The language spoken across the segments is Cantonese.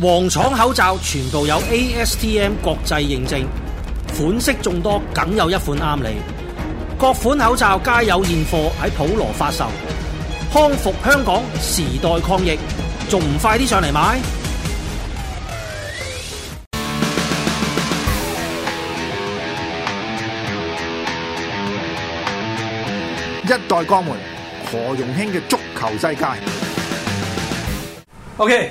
黃廠口罩全部有 ASTM 國際認證，款式眾多，僅有一款啱你。各款口罩皆有現貨喺普羅發售，康復香港，時代抗疫，仲唔快啲上嚟買？一代鋼門何容興嘅足球世界，OK。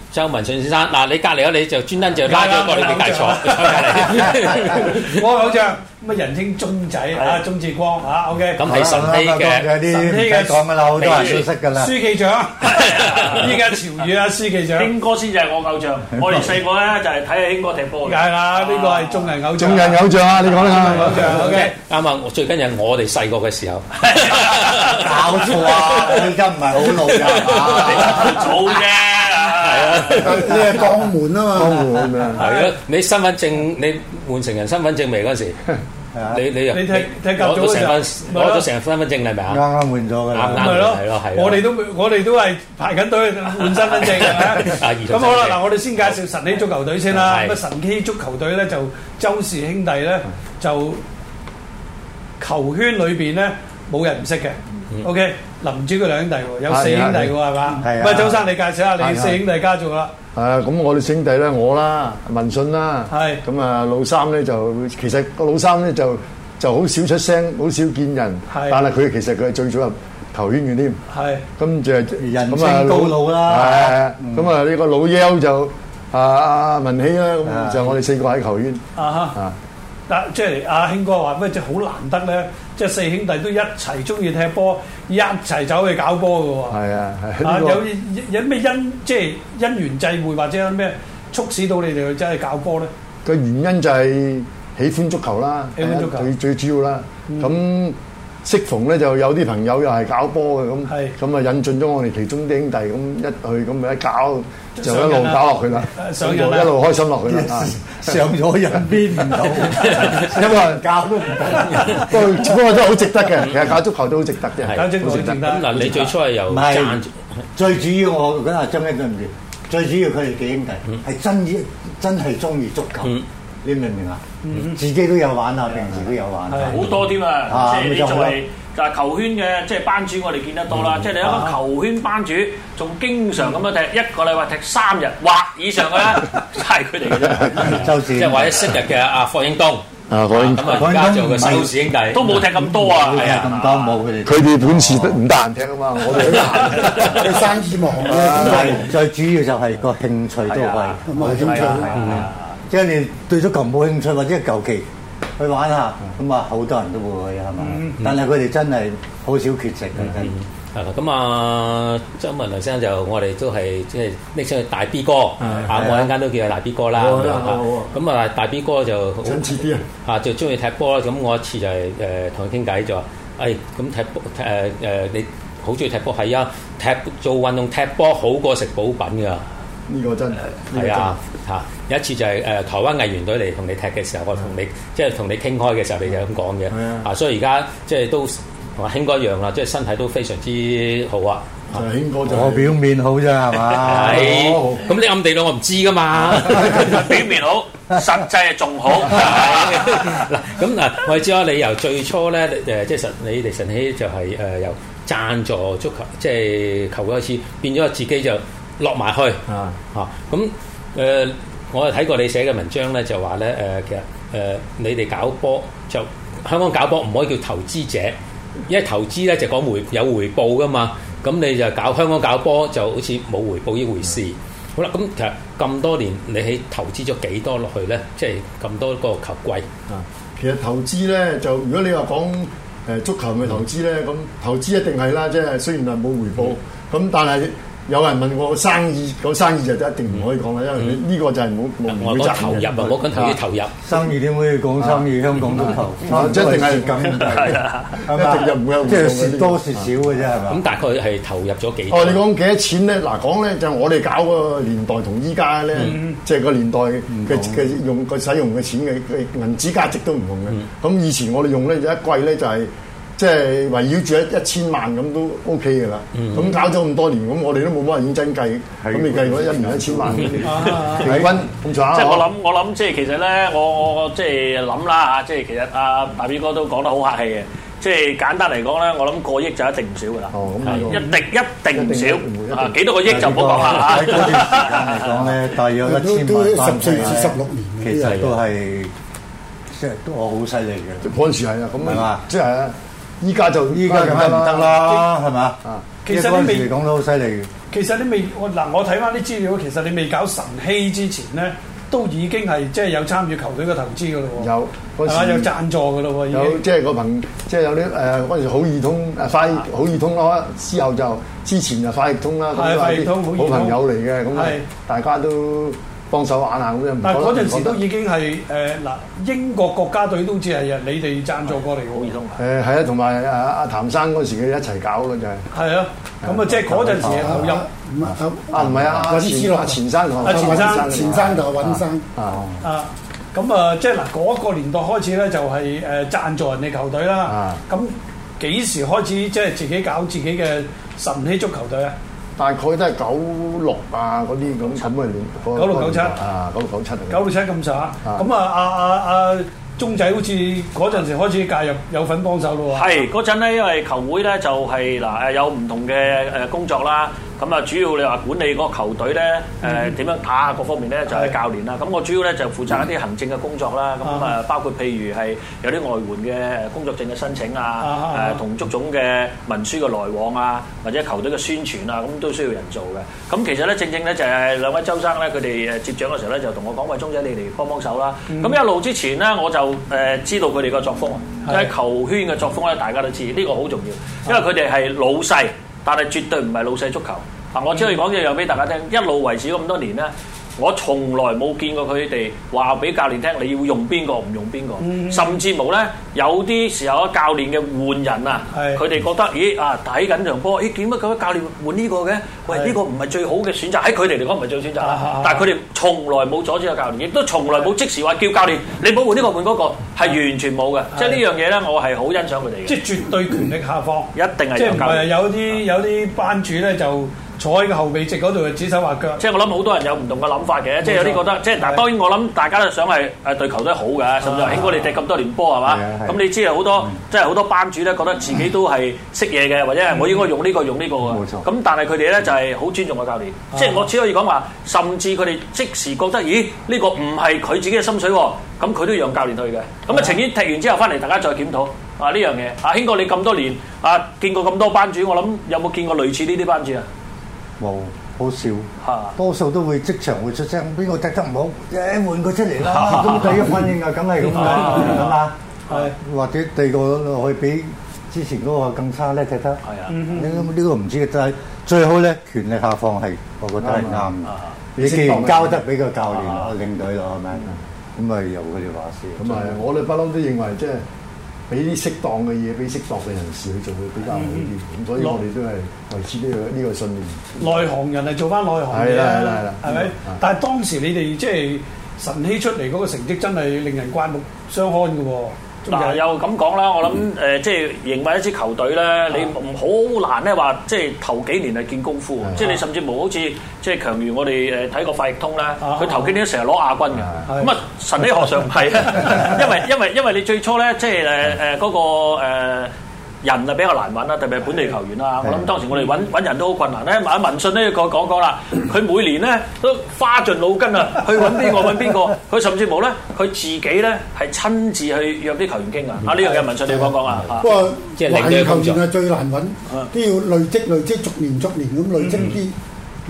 周文舜先生，嗱你隔籬啊，你就專登就拉咗過嚟啲大財。我偶像乜人稱鍾仔啊，鍾志光嚇。O K，咁係晨曦嘅，晨曦嘅講嘅樓好多人都識嘅啦。書記長，依家潮語啊，書記長，英哥先至就係我偶像。我哋細個咧就係睇下英哥踢波嘅。係啦，呢個係眾人偶像。眾人偶像啊，你講啦。OK，啱啊！最緊要我哋細個嘅時候。搞錯啊！我依家唔係好老嘅，早啫。啊！你係鋼門啊嘛，係咯！你身份證你換成人身份證嚟嗰陣時，你你又你聽聽夠咗成份，攞到成人身份證係咪啊？啱啱換咗㗎啦，係咯係咯係。我哋都我哋都係排緊隊換身份證。啊，咁好啦，嗱，我哋先介紹晨曦足球隊先啦。咁晨曦足球隊咧就周氏兄弟咧就球圈裏邊咧冇人唔識嘅。O.K. 林主佢兩兄弟喎，有四兄弟喎，係嘛？係啊。咁周生你介紹下你四兄弟家族啦。係啊，咁我哋兄弟咧，我啦，文舜啦。係。咁啊，老三咧就其實個老三咧就就好少出聲，好少見人。係。但係佢其實佢係最早入球圈嘅添。咁就住啊，咁啊老老啦。係咁啊呢個老幺就阿阿文喜啦。咁就我哋四個喺球圈。啊哈。即係阿興哥話咩？即係好難得咧。即係四兄弟都一齊中意踢波，一齊走去搞波嘅喎。係啊，係啊，這個，有有咩因即係因緣際會或者咩促使到你哋去真係搞波咧？個原因就係喜歡足球啦，嗯、最、嗯、最主要啦。咁。嗯適逢咧就有啲朋友又係搞波嘅咁，咁啊引進咗我哋其中啲兄弟咁一去咁咪一搞就一路搞落去啦，上一路開心落去啦，上咗人邊唔到，一個人搞都唔得，不過都好值得嘅，其實搞足球都好值得嘅。係嗱，你最初係由最主要我嗰陣爭一陣住，最主要佢哋幾兄弟係真真係中意足球。你明唔明啊？自己都有玩啊，平時都有玩，好多添啊！即係你仲係球圈嘅，即係班主，我哋見得多啦。即係你一個球圈班主，仲經常咁樣踢，一個禮拜踢三日或以上嘅啦，都係佢哋嘅啫。就即係或者昔日嘅阿霍英東啊，霍英東，咁啊加咗個史影計，都冇踢咁多啊，係啊，咁多冇佢哋，佢哋本事都唔得閒踢啊嘛，我哋都生意忙啊，最主要就係個興趣都啲，咁即係你對足球冇興趣，或者係求其去玩下，咁啊好多人都會係嘛。嗯、但係佢哋真係好少缺席嘅。啦、嗯，咁、就是、是啊，周文亮先生就我哋都係即係拎出去大 B 哥，的對啊我一陣間都叫佢大 B 哥啦。咁啊，大 B 哥就親切啲啊。啊，就中意踢波啦。咁我一次就係誒同佢傾偈就話，誒咁踢波誒你好中意踢波係啊！踢，踢，、呃呃、踢，踢做運動踢波好過食補品㗎。呢個真係係啊嚇！有一次就係誒台灣藝員隊嚟同你踢嘅時候，我同你即係同你傾開嘅時候，你就咁講嘅啊！所以而家即係都同阿興哥一樣啦，即係身體都非常之好啊！興哥就，我表面好啫係嘛？咁你暗地裏我唔知噶嘛？ 表面好，實際仲好嗱。咁嗱， 我哋知道你由最初咧誒，即係神，你哋晨曦就係、是、誒、呃、由贊助足球即係球會一次，變咗自己就。落埋去啊！嚇咁誒，我又睇過你寫嘅文章咧，就話咧誒，其實誒、呃、你哋搞波就香港搞波唔可以叫投資者，因為投資咧就講回有回報噶嘛，咁你就搞香港搞波就好似冇回報一回事。啊、好啦，咁其實咁多年你係投資咗幾多落去咧？即係咁多個球季啊！其實投資咧就如果你話講誒足球嘅投資咧，咁、嗯嗯、投資一定係啦，即係雖然係冇回報，咁、嗯、但係。有人問我生意，講生意就一定唔可以講啦，因為呢個就係冇冇責投入啊，冇講投嘅投入。生意點可以講生意？香港都投我一定係咁，係一定就唔會有。即係蝕多蝕少嘅啫，係嘛？咁大概係投入咗幾？哦，你講幾多錢咧？嗱，講咧就我哋搞個年代同依家咧，即係個年代嘅嘅用個使用嘅錢嘅嘅銀紙價值都唔同嘅。咁以前我哋用咧，有一季咧就係。即係圍繞住一一千萬咁都 O K 嘅啦，咁搞咗咁多年，咁我哋都冇乜人認真計，咁你計嗰一年一千萬，平均即係我諗，我諗即係其實咧，我我即係諗啦嚇，即係其實阿大表哥都講得好客氣嘅，即係簡單嚟講咧，我諗個億就一定唔少㗎啦，一定一定唔少，幾多個億就唔好講啦嚇。講咧大約一千萬都都十四十六年其實都係，即係都我好犀利嘅。嗰陣時係啊，咁即係啊。依家就依家就唔得啦，係嘛？其實你未講得好犀利嘅。其實你未嗱，我睇翻啲資料，其實你未搞晨曦之前咧，都已經係即係有參與球隊嘅投資嘅咯喎。有嗰時有贊助嘅咯喎，有經即係個朋，即係有啲誒嗰陣時好易通誒快好、啊、易通啦，之後就之前就快易通啦，咁啊啲好朋友嚟嘅，咁啊的大家都。幫手眼下，嗰但係嗰陣時都已經係誒嗱英國國家隊都只係你哋贊助過嚟好嘅。誒係、 欸、啊，同埋阿阿譚生嗰陣時佢一齊搞嘅就係。係啊，咁啊即係嗰陣時嘅球啊，唔係啊，阿斯洛阿前生，啊，前生前生就尹生啊。啊，咁啊，即係嗱嗰個年代開始咧，就係誒贊助人哋球隊啦。咁幾、啊、時開始即係自己搞自己嘅晨曦足球隊啊？大概都係九六啊嗰啲咁，根嘅九七？那個。係九六九七啊，九六九七九六七咁上下咁啊，阿阿阿鍾仔好似嗰陣時開始介入，有份幫手咯係係嗰陣咧，因為球會咧就係嗱，誒，有唔同嘅誒工作啦。的咁啊，主要你話管理個球隊咧，誒點、嗯、樣打啊，各方面咧就係教練啦。咁是我主要咧就負責一啲行政嘅工作啦。咁啊、嗯，包括譬如係有啲外援嘅工作證嘅申請啊，誒同足總嘅文書嘅來往啊，或者球隊嘅宣傳啊，咁都需要人做嘅。咁其實咧，正正咧就係兩位周生咧，佢哋誒接掌嘅時候咧，就同我講：喂，鍾仔，你嚟幫幫手啦。咁、嗯、一路之前咧，我就誒知道佢哋個作風，即係是球圈嘅作風咧，大家都知，呢、這個好重要，因為佢哋係老細。但係絕對唔係老細足球，嗱、嗯，我只可以講嘢樣俾大家聽，一路維持咁多年咧。我從來冇見過佢哋話俾教練聽，你要用邊個唔用邊個，甚至冇咧，有啲時候啊，教練嘅換人啊，佢哋覺得咦，啊睇緊場波，咦點解咁樣教練換呢個嘅？喂，呢個唔係最好嘅選擇，喺佢哋嚟講唔係最選擇。但係佢哋從來冇阻止過教練，亦都從來冇即時話叫教練你冇換呢個換嗰個，係完全冇嘅。即係呢樣嘢咧，我係好欣賞佢哋嘅。即係絕對權力下放，一定係有啲有啲班主咧就。坐喺個後備席嗰度，係指手畫腳。即係我諗，好多人有唔同嘅諗法嘅。即係有啲覺得，即係嗱，當然我諗，大家都想係誒對球隊好嘅，甚至啊，興哥，你踢咁多年波係嘛？咁你知啊，好多即係好多班主咧，覺得自己都係識嘢嘅，或者係我應該用呢個用呢個嘅。冇錯。咁但係佢哋咧就係好尊重個教練，即係我只可以講話，甚至佢哋即時覺得，咦呢個唔係佢自己嘅心水喎，咁佢都讓教練去嘅。咁啊，情願踢完之後翻嚟，大家再檢討啊呢樣嘢啊，興哥，你咁多年啊，見過咁多班主，我諗有冇見過類似呢啲班主啊？冇，好少，多數都會即場會出聲。邊個踢得唔好，誒換佢出嚟啦，始終第一反應啊，梗係咁啦。係或者第二個去比之前嗰個更差咧踢得。係啊，呢呢個唔知嘅，就係最好咧權力下放係我覺得係啱嘅。你既然交得俾個教練啊領隊咯，係咪？咁咪由佢哋話事。咁啊，我哋不嬲都認為即係。俾啲適當嘅嘢，俾適當嘅人士去做，會比較好啲。嗯、所以我哋都係維持呢個呢、呢個信念。內行人係做翻內行嘅啦，係咪？但係當時你哋即係晨曦出嚟嗰個成績，真係令人刮目相看嘅喎。啊、又咁講啦，我諗誒、嗯呃，即係認為一支球隊咧，啊、你唔好難咧話，即係頭幾年係見功夫，嗯、即係你甚至冇好似即係強如我哋誒睇個快易通睇過快譯通啦，佢、啊、頭幾年都成日攞亞軍嘅，咁啊，啊，啊神祕學上唔係啊，啊，啊， 因為因為因為你最初咧，即係誒誒嗰個人就比較難揾啦，特別係本地球員啦。我諗當時我哋揾揾人都好困難咧。問一問文信呢，佢講講啦，佢每年咧都花盡腦筋啊，去揾邊個揾邊個。佢甚至冇咧，佢自己咧係親自去約啲球員傾噶。啊，呢樣嘢文信你講講啊。不過，即係零嘅球員最難揾，都要累積累積，逐年逐年咁累積啲。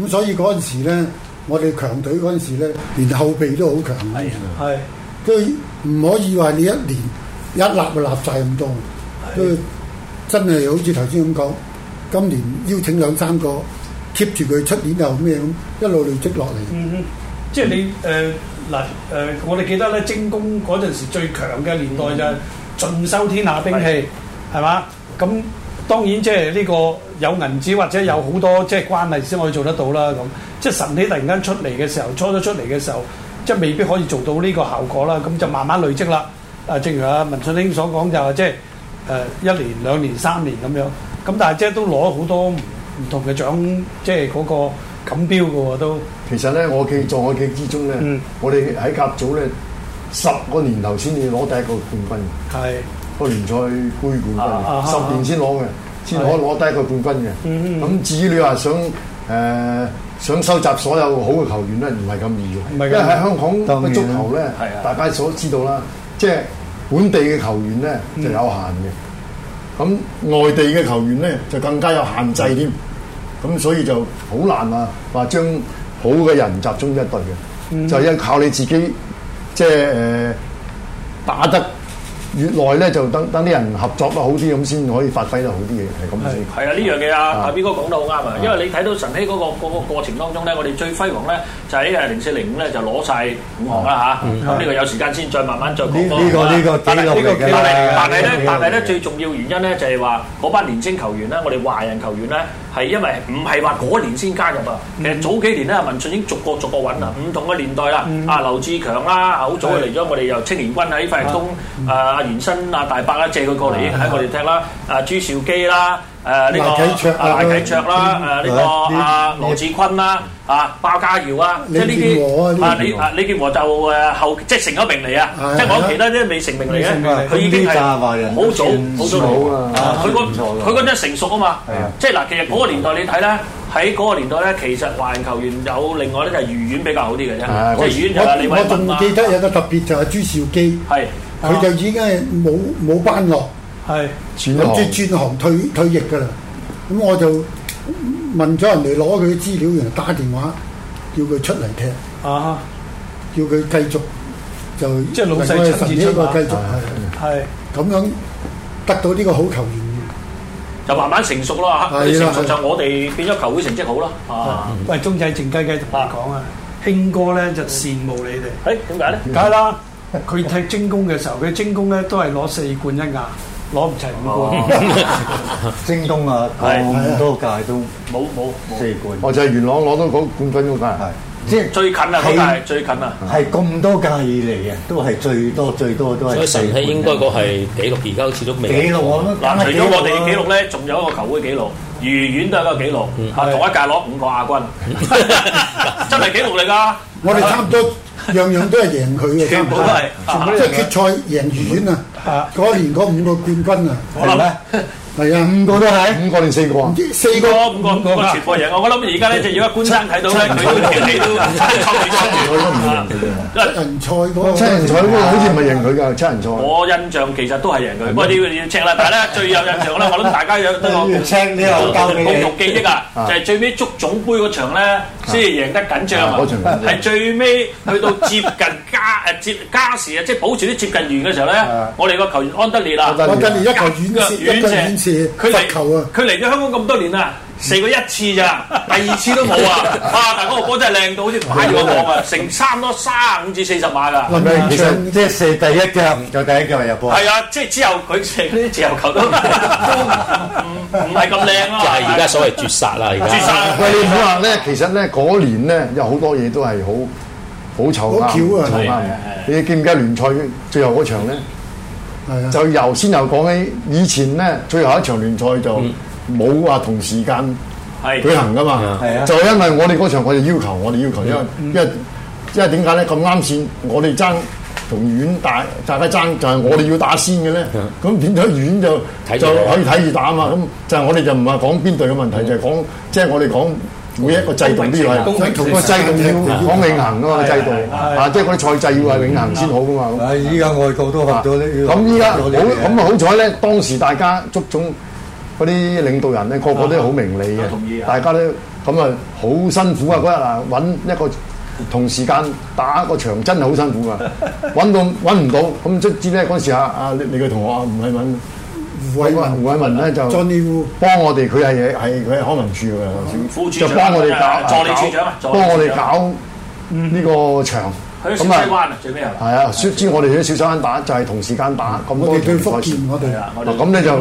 咁所以嗰陣時咧，我哋強隊嗰陣時咧，連後備都好強嘅。係，都唔可以話你一年一立就立晒咁多。真係好似頭先咁講，今年邀請兩三個 keep 住佢，出年又咩咁，一路累積落嚟。嗯嗯，即係你誒嗱誒，我哋記得咧，精工嗰陣時最強嘅年代就盡、係嗯、收天下兵器，係嘛的？咁當然即係呢個有銀紙或者有好多即係關係先可以做得到啦。咁的即係晨曦突然間出嚟嘅時候，初初出嚟嘅時候，即係未必可以做到呢個效果啦。咁就慢慢累積啦。啊，正如阿、啊、文舜兄所講就係即係。就是誒、嗯、一年、兩年、三年咁樣，咁但係即係都攞好多唔同嘅獎，即係嗰個錦標喎都。其實咧，我企在我企之中咧，嗯、我哋喺甲組咧十個年頭先至攞第一個冠軍嘅。係個聯賽杯冠軍，十年先攞嘅，先可攞第一個冠軍嘅。嗯，咁至於你話想誒、呃、想收集所有好嘅球員咧，唔係咁易嘅。唔係嘅。因為香港嘅足球咧，然大家所知道啦，即係。本地嘅球員咧就有限嘅，咁、嗯、外地嘅球員咧就更加有限制添，咁、嗯、所以就好難啊，話將好嘅人集中一隊嘅，嗯、就係因靠你自己，即係誒、呃、打得。越耐咧就等等啲人合作得好啲，咁先可以發揮得好啲嘅，係咁先。係啊，呢樣嘢啊，阿邊哥講得好啱啊！因為你睇到晨曦嗰個嗰個過程當中咧，我哋最輝煌咧就喺誒零四零五咧就攞晒五項啦吓，咁呢個有時間先再慢慢再講呢啦。呢個呢個紀錄嚟嘅。但係呢，但係呢，最重要原因咧就係話嗰班年輕球員咧，我哋華人球員咧。係因為唔係話嗰年先加入啊，嗯、其實早幾年咧，文俊英逐個逐個揾啦，唔、嗯、同嘅年代啦，嗯、啊劉志強啦、啊，好早就嚟咗，是我哋又青年軍喺費立通，啊袁、嗯啊、生、阿大伯咧、啊、借佢過嚟我哋踢啦，啊、嗯、啊朱兆基啦、啊。誒呢個賴啟卓啦，誒呢個阿羅志坤啦，啊包家耀啊，即係呢啲啊李啊李健和就誒後即係成咗名嚟啊，即係講其他啲未成名嚟嘅，佢已經係好早好早啊，佢嗰佢嗰陣成熟啊嘛。即係嗱其實嗰個年代你睇咧，喺嗰個年代咧，其實華人球員有另外咧就係愉園比較好啲嘅啫，即係愉園就係李偉民，我仲記得有個特別就係朱兆基，係佢就已經係冇冇班落。係，我諗住轉行退退役㗎啦。咁我就問咗人哋攞佢啲資料，然後打電話叫佢出嚟踢啊，叫佢繼續就即係老細呢個繼續啊。係咁樣得到呢個好球員，就慢慢成熟咯嚇。成熟就我哋變咗球會成績好啦啊。喂，鐘仔靜雞雞同我講啊，興哥咧就羨慕你哋。誒，點解咧？唔解啦。佢踢精工嘅時候，佢精工咧都係攞四冠一亞。攞唔齊五冠，精工啊咁多屆都冇冇四冠，我就係元朗攞到嗰冠軍嗰屆，係即最近啊嗰屆最近啊，係咁多屆以嚟啊，都係最多最多都係。所以晨曦應該個係記錄，而家好似都未記錄。攔除咗我哋記錄咧，仲有一個球會記錄，愉園都有個記錄，啊同一屆攞五個亞軍，真係記錄嚟㗎！我哋差唔多，樣樣都係贏佢嘅，全部都係，即決賽贏愉園啊！嗰、uh，年嗰五個冠軍啊，係咪咧？ 係啊，五個都係，五個定四個啊？四個咯，五個五個全部贏。我我諗而家咧，就如果觀山睇到咧，佢都唔係都七人賽，佢都唔贏。七人賽嗰個七好似唔係贏佢㗎，七人賽。我印象其實都係贏佢，不過呢個要赤啦。但係咧，最有印象咧，我諗大家有對我唔清，你又夠記憶啊？就係最尾捉總杯嗰場咧，先至贏得緊張啊！係最尾去到接近加誒接加時啊，即係保持啲接近完嘅時候咧，我哋個球員安德烈啊，一球遠嘅遠佢嚟球啊！佢嚟咗香港咁多年啦，射過一次咋，第二次都冇啊！哇，大哥個波真係靚到好似唔係咁講啊！成三多三五至四十碼㗎。蔣其實即係射第一腳，就係、第一腳入波。係啊，即係之後佢射啲自由球都唔唔係咁靚啊！就係而家所謂絕殺啦！絕殺、喂！你唔好話咧，其實咧嗰年咧有好多嘢都係好好醜啊！巧你記唔記聯賽最後嗰場咧？就由先又講起，以前咧最後一場聯賽就冇話同時間舉行噶嘛，就係因為我哋嗰場我哋要求，我哋要求，嗯、因為因為因為點解咧咁啱線？我哋爭同院大大家爭，就係、是、我哋要先打先嘅咧。咁點解院就就可以睇住打嘛。咁、啊、就係我哋就唔係講邊隊嘅問題，嗯、就係講即係我哋講。每一個制度都要，所以同個制度要講永恆啊嘛，個制度啊，即係嗰啲賽制要係永恆先好噶嘛。係依家外國都學到啲，咁依家好咁啊好彩咧，當時大家足總嗰啲領導人咧個個都好明理嘅，大家都咁啊好辛苦啊嗰日啊揾一個同時間打個場真係好辛苦㗎，揾到揾唔到，咁即係知咧嗰陣時啊啊你個同學啊唔係咩？胡偉文，胡偉文咧就幫呢幫我哋，佢係係佢係康文署嘅副處長啊，助理處長啊，幫我哋搞呢個場，喺小西灣啊，係啊，通知我哋喺小西灣打，就係同時間打咁多場賽事啊，我哋福建我哋啊，咁你就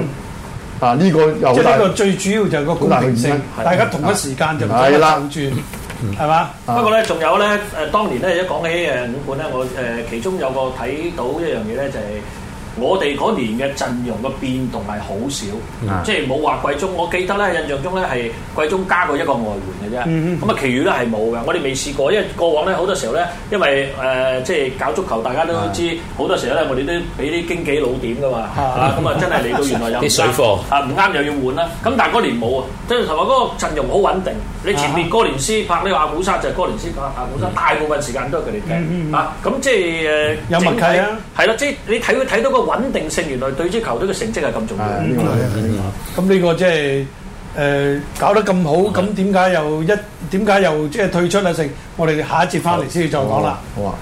啊呢個又即個最主要就係個公平性，大家同一時間就唔使爭轉，係嘛？不過咧仲有咧誒，當年咧一講起誒五館咧，我誒其中有個睇到一樣嘢咧就係。我哋嗰年嘅陣容嘅變動係好少，即係冇話季中。我記得咧，印象中咧係季中加過一個外援嘅啫。咁啊，其餘咧係冇嘅。我哋未試過，因為過往咧好多時候咧，因為誒即係搞足球，大家都知好多時候咧，我哋都俾啲經紀佬點㗎嘛。咁啊，真係嚟到原來有啲水貨啊，唔啱又要換啦。咁但係嗰年冇啊，即係同埋嗰個陣容好穩定。你前面哥連斯拍呢阿古沙，就係哥連斯拍阿古沙，大部分時間都係佢哋踢啊。咁即係誒，有默契啊。係啦，即係你睇睇到穩定性原來對支球隊嘅成績係咁重要。咁呢個即係誒，搞得咁好，咁點解又一？點解又即係退出啊？成、嗯、我哋下一節翻嚟先至再講啦。好啊。好啊